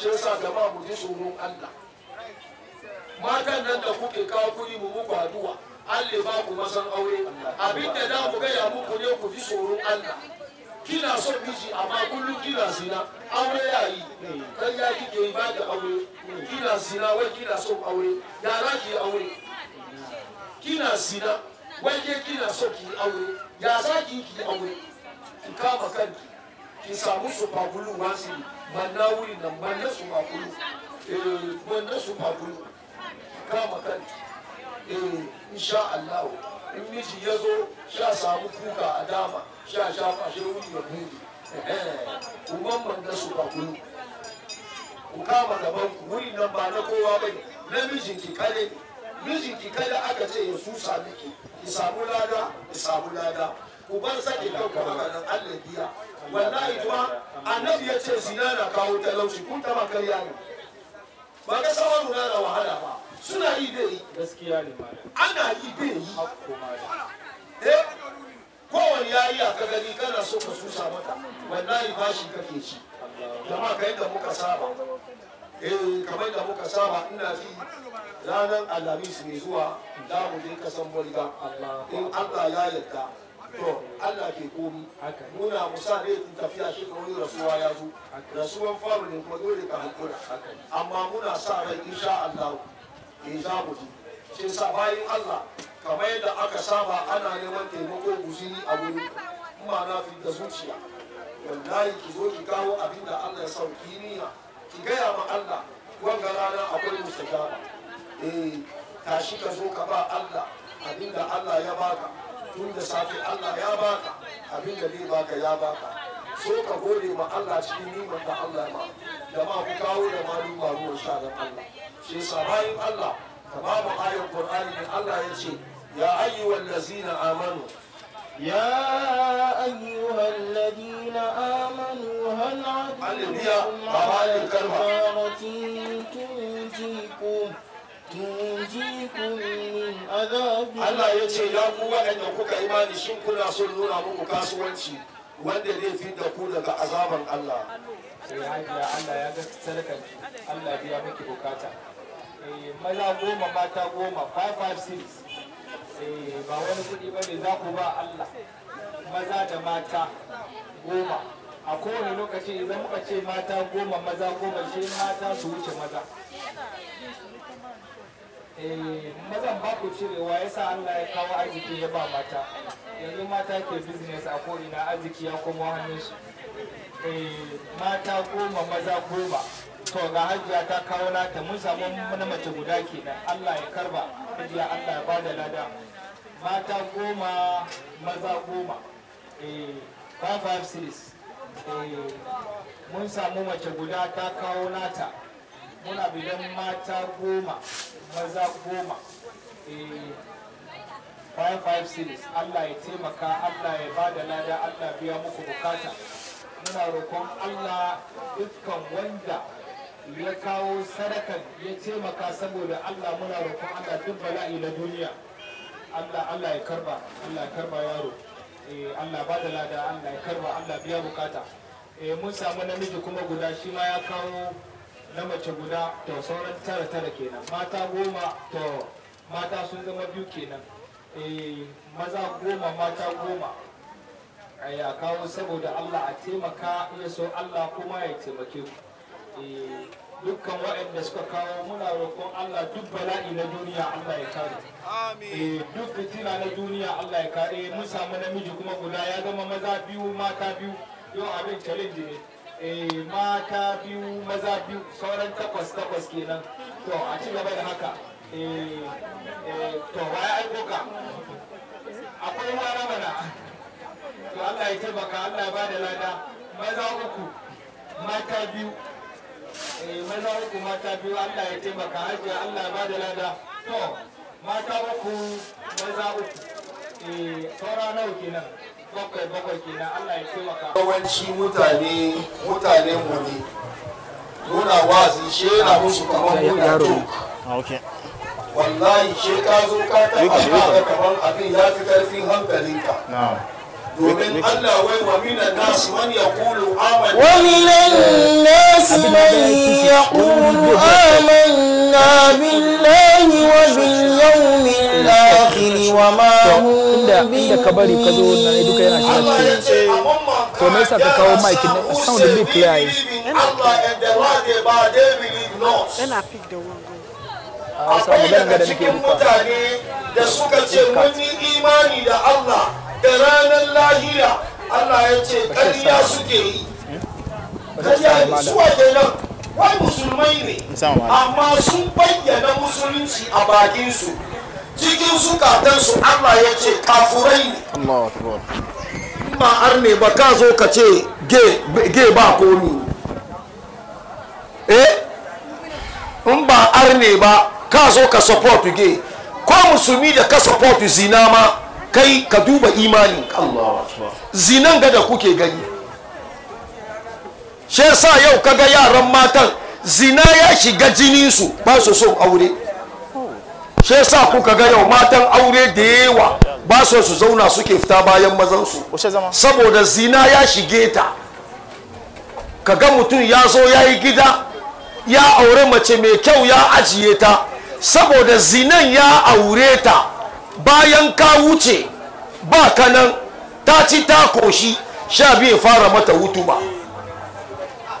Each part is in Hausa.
shi yasa gama mu ji tsoron Allah matan nan da kuke kawo kudi mu muku addu'a Allah ba ku masan aure abin da za mu gaya muku ne ku ji tsoron Allah kina son miji amma kullum kina zina aure ya yi dan ya kike yi ba da aure kina zina wai kina son aure yara ki aure kina zina wai ke kina son ki aure ya za ki ki aure ki kama kanki ki samu su fagulu wasiri manna wuri nan manna su makulu eh, manna su makulu kama kan eh, insha Allah in miji ya zo sha samu kuka a dama sha sha fashe wuri ya buɗe kuman manna su makulu ku kama gaban ku wuri nan ba na kowa ba ne na mijinki kare mijinki kare aka ce ya susa miki ki samu lada ki samu lada ku bar sakin kanku haka nan Allah biya wallahi kuma annabi ya ce zina na kawo talauci kun taba karya ne ba ga sawaru na da wahala ba suna yi yi gaskiya ne ana yi da yi eh ya yayi a gani kana so ka susa mata wallahi bashi kake ci jama'a kai da muka saba eh kamar da muka saba ina ji ranar alhamis mai zuwa da mu je kasan bolga in Allah ya yarda to Allah ke komi muna musa da yin tafiya shi kawai rasuwa ya zo rasuwan faru ne kuma dole ka hakura amma muna sa rai insha Allah ke eh, za mu ji shi sa bayan Allah kamar yadda aka saba ana neman taimako guziri a wuri kuma na fi da zuciya wallahi ki zo ki kawo abin da Allah ya sauki niyya ki gaya ma Allah wanga rana akwai mustajaba eh tashi ka zo ka ba Allah abin da Allah ya baka tun da safe Allah ya baka abin da zai baka ya baka so ka gode ma Allah cikin niman da Allah ma da ma ku kawo da malu ba ruwan sha da Allah shi yasa bayan Allah ka ba mu ayar Qur'ani ne Allah ya ce ya ayyuhal ladzina amanu ya ayyuhal ladzina amanu hal alaykum ma'alatin tunjikum tunjikum Allah ya ce ya ku waɗanda kuka imani shin kuna son nuna muku kasuwanci wanda zai fi da ku daga azaban Allah sai eh, hajiya Allah ya ga sadakan Allah biya miki bukata eh, maza goma mata goma eh, ba wani kuɗi ba ne za ku ba Allah maza da mata goma a kowane lokaci idan muka ce mata goma maza goma shi mata su wuce maza mazan eh, baku ku cirewa ya sa Allah ya kawo arziki ya ba mata yanzu mata ke business a ko'ina arziki ya komo hannunsu eh, mata goma maza goma to ga hajiya ta kawo nata mun samu na mace guda kenan Allah ya karba hajiya Allah ya ba lada mata goma maza goma 5 eh, series mun samu mace guda ta kawo nata muna bidan mata goma maza goma bayan eh, 5 series Allah ya taimaka Allah ya ba da lada Allah biya muku bukata muna roƙon Allah dukkan wanda ya kawo sadakan ya taimaka saboda Allah muna roƙon Allah duk bala'i na duniya Allah Allah ya karba Allah ya karba yaro eh, Allah ba da lada Allah ya karba Allah biya bukata eh, mun samu namiji kuma guda shi ma ya kawo na mace guda to sauran tara tara kenan mata goma to mata sun zama biyu kenan eh, maza goma mata goma ya kawo saboda Allah a taimaka ya so Allah kuma ya taimake ku eh, dukkan waɗanda suka kawo muna roƙon Allah duk bala'i na duniya Allah ya kare eh, duk fitina na duniya Allah ya kare mun samu namiji kuma guda ya zama maza biyu mata biyu yau abin challenge ne eh mata biyu maza biyu sauran takwas takwas kenan to a ci gaba da haka eh, eh to waya aiko ka akwai wara mana to Allah ya taimaka Allah ya bada lada maza uku mata biyu eh maza uku mata biyu Allah ya taimaka hajiya Allah ya bada lada to mata uku maza uku eh saura nawa kenan bakwai yawanci mutane mutane mu ne muna wazi she yana musu kamar muna tuk wallahi she ka zo ka taɓa ka kamar abin ya fi ƙarfin hankalinka domin Allah wai wa minan nas man yaqulu amanna wa minan nas man yaqulu amanna billahi wa bil yawmil akhir wa ma hum tsaya inda ka bari ka zo na duka yana shiga cikin to me yasa ka kawo mic ne sound ah, da big yi yana pick mutane da suka ce mun imani da Allah da ranar lahira Allah ya ce ƙarya suke yi hmm? ƙarya suwa kenan wai musulmai ne amma sun bayyana musulunci a bakinsu cikin su Allah ya ce kafurai ne akbar ba arne ba ka zo ka ce ge ba komi eh in ba arne ba ka zo ka support ge ko musulmi da ka support zina ma kai ka duba imanin zinan ga da kuke gani shi yasa yau kaga yaran matan zina ya shiga su ba su son aure shi yasa kuka ga yau matan aure da yawa ba su su zauna suke fita bayan mazan su saboda zina ya shige ta ka ga mutum ya zo ya yi gida ya aure mace mai kyau ya ajiye ta saboda zinan ya aure ta bayan ka wuce ba ka nan ta ci ta koshi sha biyu fara mata hutuba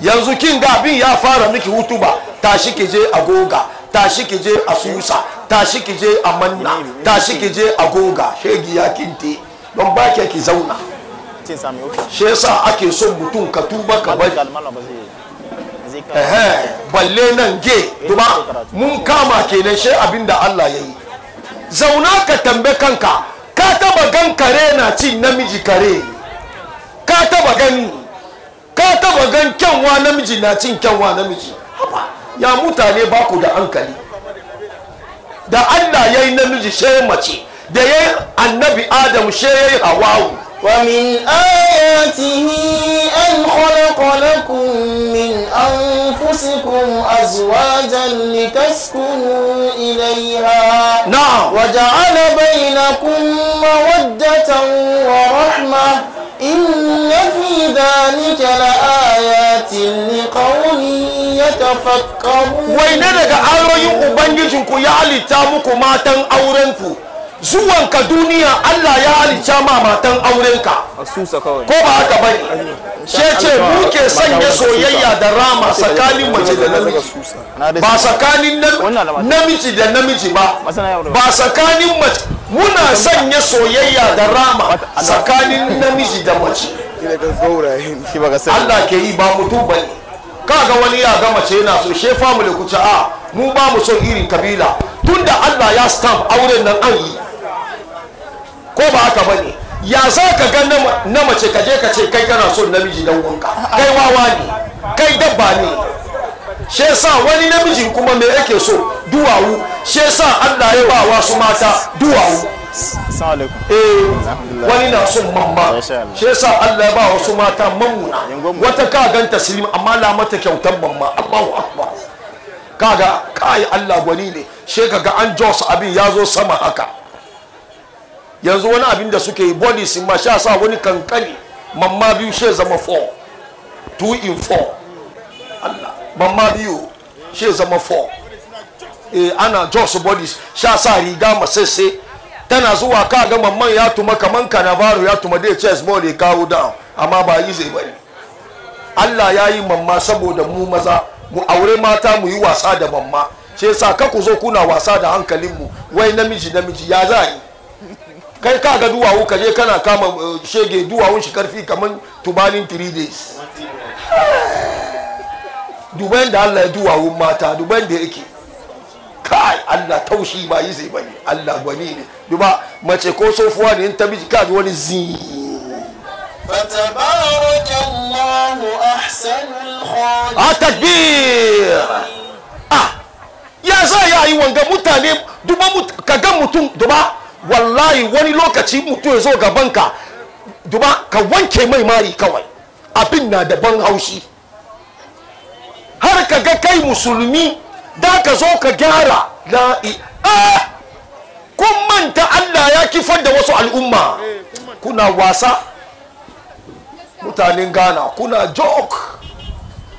yanzu kin ga abin ya fara miki hutuba tashi ki je a tashi ki je a tashi ki je a manna tashi ki je a goga shegi ya kinte don ba ke ki zauna shi yasa ake son mutum ka tuba ka bari balle nan ge eh, duba mun kama kenan shi abinda Allah ya yi zauna ka tambe kanka ka taba gan kare na cin namiji kare ka taba gani ka taba gan kyanwa namiji na cin kyanwa namiji haba ya mutane ba ku da hankali da Allah ya yi namiji shi ya mace da ya annabi adamu shi ya yi hawawu wa min ayatihi an kwalakwalakun min an fusikun a zuwa janni taskun ilai ha waje ana bayina kun ma wa rahma in na fi da nike la'ayatin ni ne daga ayoyin ku ya halitta muku matan auren ku. Zuwan ka duniya Allah ya halitta ma matan ka. ko ba haka ba ne she ce muke sanya soyayya da rama tsakanin mace da namiji ba tsakanin namiji da namiji ba ba tsakanin mace muna sanya soyayya da rama tsakanin namiji da mace Allah ke yi ba mutu bane kaga wani ya ga mace yana so she family ku a ah, mu ba mu son irin kabila tunda Allah ya stamp auren nan an yi ko ba haka bane ya za ka ga na mace ka je ka ce kai kana son namiji dan wanka kai wawa ne kai dabba ne she sa wani namiji kuma me yake so duwawu she sa Allah ya ba wasu mata duwawu Assalamu eh, wani na son mamma. Shi yasa Allah ya ba wasu mata mamuna. Wata ka ganta silim amma la mata kyautar mamma Allahu akbar. Kaga kai Allah gwani ne. She kaga an jos abin ya zo sama haka. Yanzu wani abin da suke yi body sun ma sha sa wani kankani mamma biyu she zama 4. 2 in 4. Allah mamma biyu she zama 4. Eh ana jos bodies sha sa riga masese tana zuwa ka ga mamman ya tuma kaman kanavaro ya tuma dai chess ball ya kawo down amma ba yi zai bari Allah ya yi mamma saboda mu maza mu aure mata mu yi wasa da mamma shi yasa ka ku zo kuna wasa da hankalin mu wai namiji namiji ya za yi kai ka ga duwawu ka je kana kama eh, shege duwawun shi karfi kaman tubalin 3 days duban da Allah ya duwawun mata duban da yake kai Allah taushi ba yi zai bane Allah gwani ne duba mace ko sofuwa ne in ta miji kaji wani zi fatabarakallahu ahsanul khaliqin a takbir ah ya za ya yi wanga mutane duba ka ga mutum duba wallahi wani lokaci mutum ya zo ka duba ka wanke mai mari kawai abin na da ban haushi har ka ga kai musulmi da ka zo ka gyara la'i kun manta Allah ya kifar da wasu al'umma kuna wasa mutanen Ghana kuna jok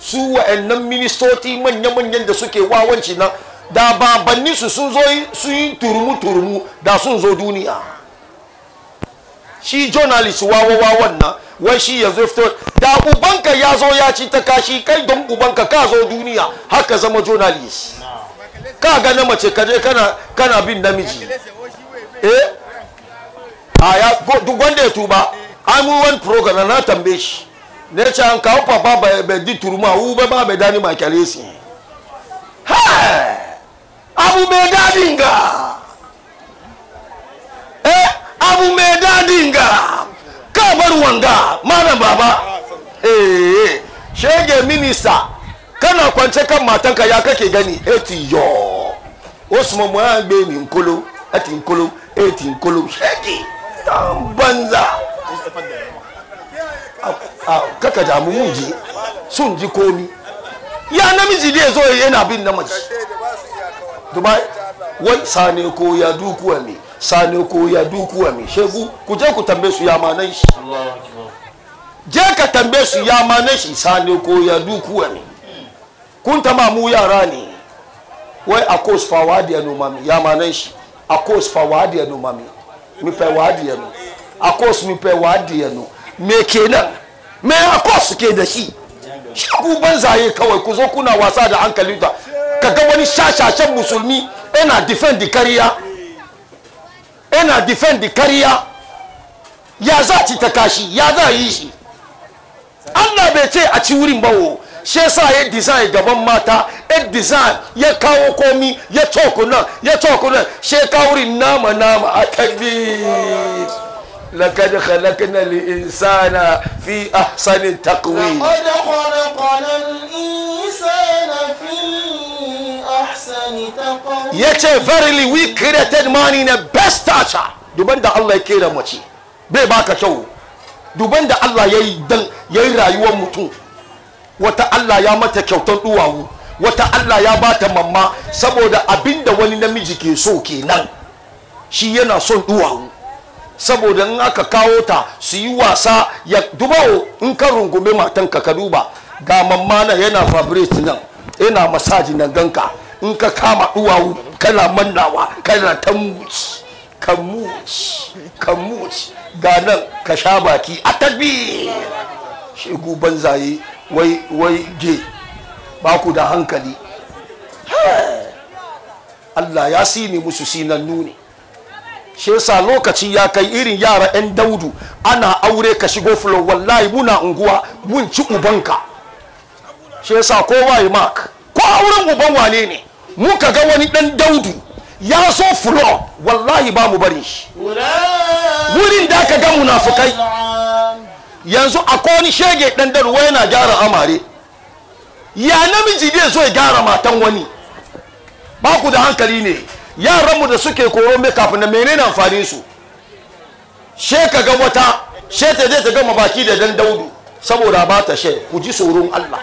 su wa'annan ministoci manya-manyan da suke wawanci na da babanninsu sun zo yi turmu-turmu da sun zo duniya shi journalist wawa wawan wai shi yanzu ya fito da ubanka ya zo ya ci ta kashi kai don ubanka ka zo duniya haka zama journalist ka ga na mace kaje kana kana bin namiji eh a ah, ya duk wanda ya tuba an mu wani program na tambaye shi ne ce an kawo papa bai di turuma u ba ba bai dani makale si ha abu bai dadin ga eh abu mai dadin ga kabar wanga malam baba eh shege minista kana kwance kan matanka ya kake gani eti yo osman mo an gbe ni nkolo eti nkolo eti nkolo shege banza kaka da mu muji sun ji komi ya namiji dai zo yana bin na mace dubai wai sane ko ya dukuwa me sani ko ya duku wa mai ku je ku tambaye su ya manan shi je ka tambaye su ya manan shi sani ko ya duku wa mai kun tama mu yara ne wai a kos fa wadi ya noma mi ya manan shi a kos fa wadi ya noma mi mi fɛ wadi ya no a kos mi fɛ wadi ya no me kenan me a kos ke da shi shi ku banzaye kawai ku zo kuna wasa da hankalinta kaga wani shashashen musulmi yana defend kariya yana defend kariya ya za ci ta kashi ya za yi shi Allah bai ce a ci wurin bawo shi yasa ya design gaban mata ya design ya kawo komi ya toko nan ya toko nan ka wurin nama nama a takbir لقد خلقنا الإنسان في أحسن تقويم لقد خلقنا الإنسان في ya ce verily we created man in a best stature duban da Allah ya kera mace bai baka kyau duban da Allah ya yi dan ya yi rayuwar mutum wata Allah ya mata kyautar duwawu wata Allah ya bata mamma saboda abinda wani namiji ke so kenan shi yana son duwawu saboda in aka kawo ta su yi wasa ya dubawo in ka rungume matanka ka duba ga mamma na yana fabric nan yana masaji nan ganka in ka kama duwawu kana mannawa kana ta muci ka muci ka muci ga nan ka sha baki a tabi guban zaye wai wai je ba ku da hankali Allah ya sini musu sinan nuni shi yasa lokaci ya kai irin yara 'yan daudu ana aure ka shigo fulo wallahi muna unguwa mun ci ubanka shi yasa kowa ya mak ko auren uban wane ne muka ga wani dan daudu ya so fulo wallahi ba mu barin shi wurin da aka ga munafukai yanzu akwai wani shege dan daruwa yana gyara amare ya namiji zai so ya gyara matan wani ba ku da hankali ne yaranmu da suke koron mai kafin da menene amfanin su she ka ga wata she ta je ta gama baki da dan daudu saboda ba ta she ku ji tsoron Allah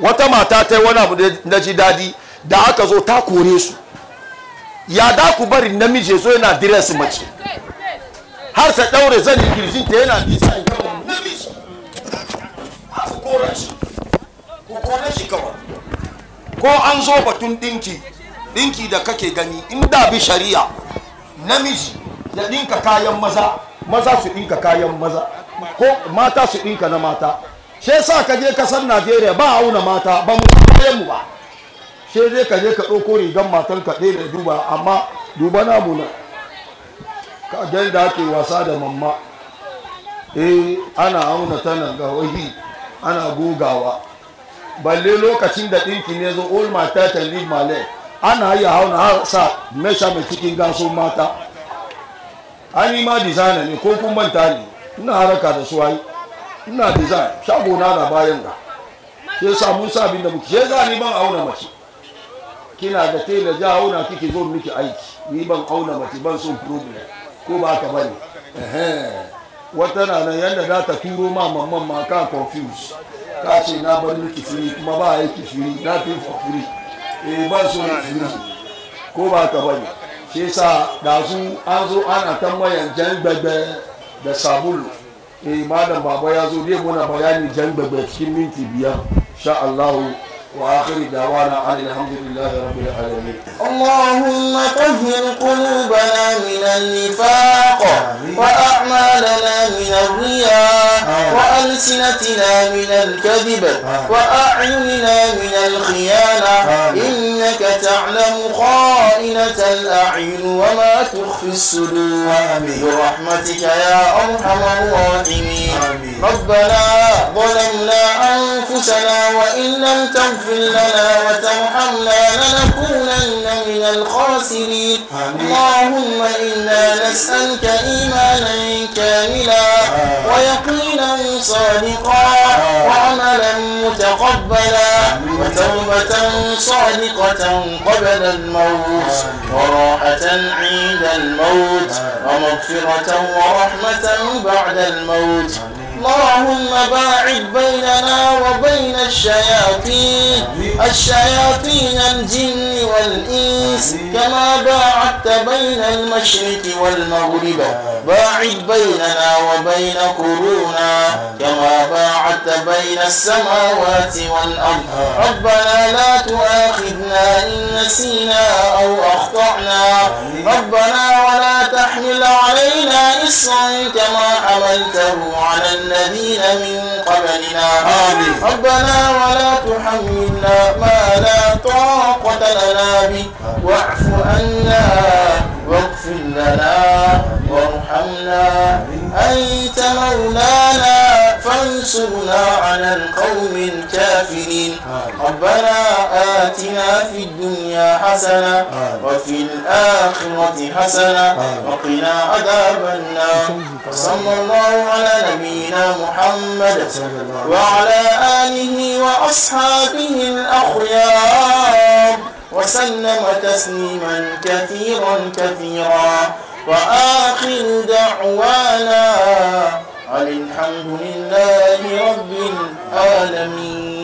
wata mata ta yi wani abu da ji dadi da aka zo ta kore su ya da ku bari namiji zo yana dira su mace har ta daure zani kirjin ta yana nisa in namiji ku kore shi ku kore shi kawai ko an zo batun dinki dinki da kake gani in da bi shari'a namiji ya dinka kayan maza maza su dinka kayan maza ko mata su dinka na mata shi yasa ka je kasar Najeriya ba auna mata ba mu kayan mu ba sai dai ka je ka ɗauko rigar matan ka ɗaya da duba amma duba na muna ka gan da ake wasa da mamma eh ana auna tana ga wahi ana gogawa balle lokacin da ɗinki ne zo all my title and leave my leg ana iya hauna har sa mesha mai cikin gaso mata an yi ma designer ne ko kun manta ne ina haraka da su ai ina design shago na da bayan ga sai sa mun sa abin da muke sai za ni ban auna mace kina da tela ja auna kike zo miki aiki ni ban auna mace ban son problem ko ba ka bane wata na nan yadda za ta turo ma mamman ma ka confuse ka ce na bar miki firi kuma ba aiki firi na fi yi free eh ban son firi ko ba ka bane shi yasa da su an zo ana tambayan jan gbagbe da sabulu eh malam baba ya zo dai muna bayani jan gbagbe cikin minti biyar sha Allahu وآخر دعوانا عن الحمد لله رب العالمين اللهم طهر قلوبنا من النفاق وأعمالنا من الرياء وألسنتنا من الكذب وأعيننا من الخيانة إنك تعلم خائنة الأعين وما تخفي الصدور برحمتك يا أرحم الراحمين ربنا ظلمنا أنفسنا وإن لم تغفر لنا وترحمنا لنكونن من الخاسرين اللهم إنا نسألك إيمانا كاملا ويقينا صادقا وعملا متقبلا وتوبة صادقة قبل الموت وراحة عند الموت ومغفرة ورحمة بعد الموت اللهم باعد بيننا وبين الشياطين الشياطين الجن والإنس كما باعدت بين المشرق والمغرب باعد بيننا وبين قرونا كما باعدت بين السماوات والأرض ربنا لا تؤاخذنا إن نسينا أو أخطأنا ربنا ولا تحمل علينا إصرا كما حملته على الذين من قبلنا آمين ربنا ولا تحملنا ما لا طاقة لنا به واعف عنا واغفر لنا وارحمنا أنت مولانا فانصرنا على القوم الكافرين ربنا آتنا في الدنيا حسنة وفي الآخرة حسنة وقنا عذاب النار صلى الله على نبينا محمد وعلى آله وأصحابه الأخيار وسلم تسليما كثيرا كثيرا وآخر دعوانا الحمد لله رب العالمين